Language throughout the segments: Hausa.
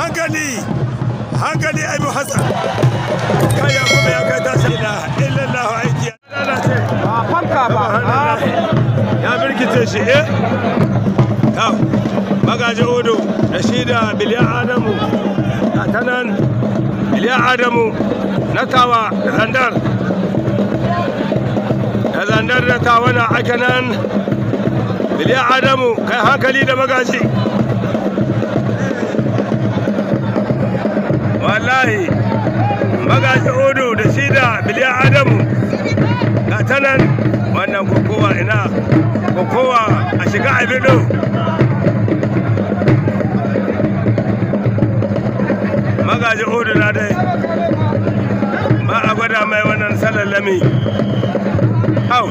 hankali hankali abu hassan kaya kuma ya kai tashi ila illallah aiki lalace ba fanka ba ya birkice shi eh to magaji odo da shi da biliya adamu ta nan biliya adamu na tawa da zandar da zandar da tawa na ake nan biliya adamu kai hankali da magaji wallahi magaji odo da shi da biliya adamu ga ta nan wannan kokowa ina kokowa a shiga a bido magaji odo na dai ba a gwada mai wannan salallami hau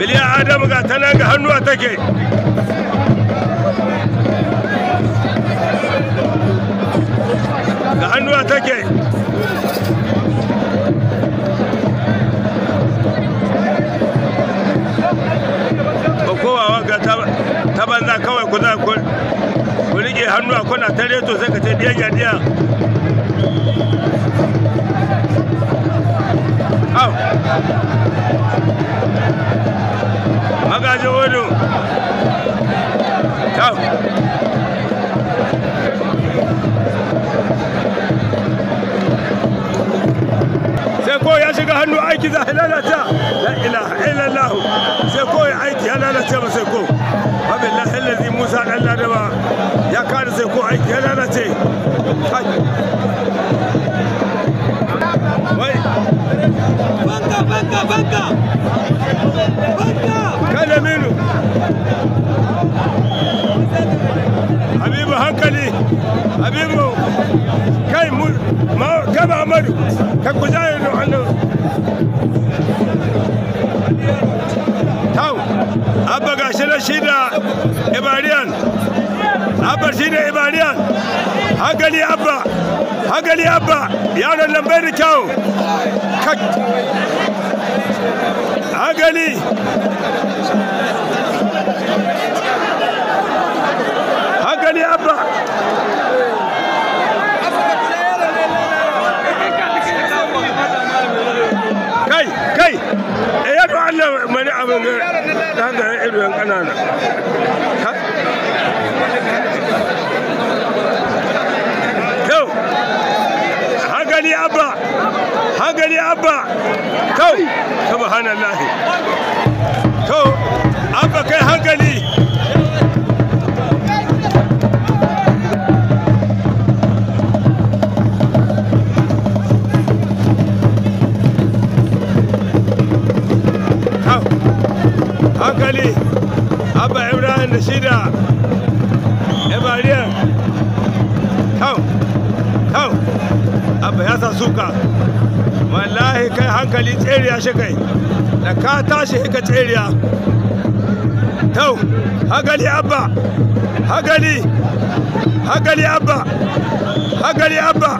miliyan adamu ga ta nan ga hannuwa take ga hannuwa take ba kowawa ga ta banza kawai ku za ku rike hannuwa kuna tare to sai ka ce diya yadiyan لانه اي كذا هلالته لا اله الا الله سيكون ايدي لا ما سيكون الله الذي موسى على دوا يا كان سيكون ايدي هلالته لا طيب. بنكا بنكا بنكا بنكا كان منو حبيبي هنكلي حبيبي kai mu ma gaba amadu ka ku zaye tau abba ga shi da shi da ibariyan abba shi da ibariyan hankali abba hankali abba yaron da kyau hankali ne ɗan garin irin ƙanana kyau hankali abba hankali abba kyau kyau abba kai hankali hankali abba ibrahim da shi da ebariyar kan kan abba ya sa suka wallahi kai hankali tseriya shi kai da ka tashi hika tseriya tau hankali abba hankali hankali abba hankali abba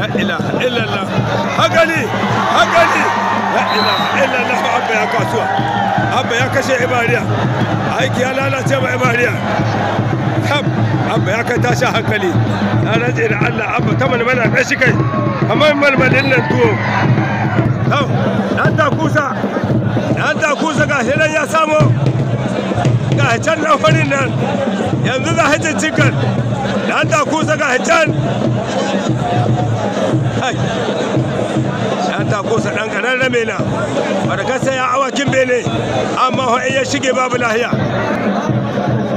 ya ilaha illallah hankali hankali ya ilaha illallah abba ya kasuwa abba ya kashe ibariya aiki ya lalace ma ibariya tab abba ya kai tashi hankali na rantse da allah abba ta malmala kai shi kai kamar malmalin nan tuwo tab dan ta kusa dan ta kusa ga hirar ya samo ga can na farin nan yanzu za hajjin cikin dan ta kusa ga can mena barka sai ya awakin bene amma ho iya shige babu lahiya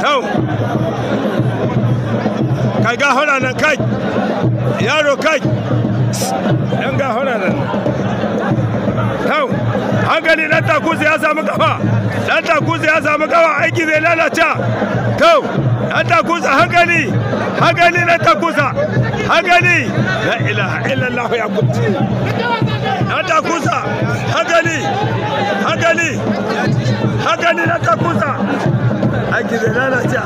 tau kai ga nan kai yaro kai dan ga hona nan tau hankali dan takuzi ya samu kafa dan takuzi ya samu kafa aiki zai lalata tau dan takuzi hankali hankali dan takuza hankali la ilaha illallah ya Hakani na takusa. Aiki zai lalace.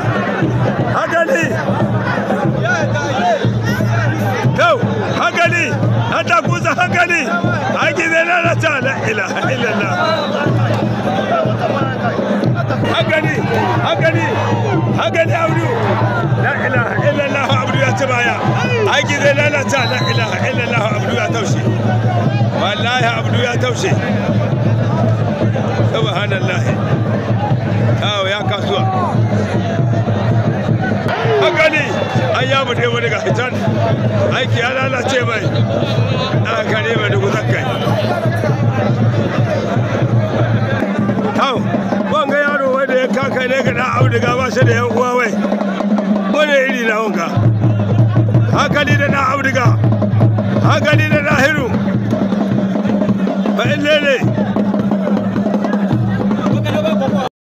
Hakani. Na takusa La ilaha Abdu. La ilaha Abdu ya La ilaha Abdu ya Wallahi Abdu ya aiki ya lalace mai na kare mai dugu zakai tau wanga yaro wanda ya kakai ne ga dan auduga ba shi da yan uwa wai wani iri na wanga hankali da na auduga hankali da na hiru ba in lele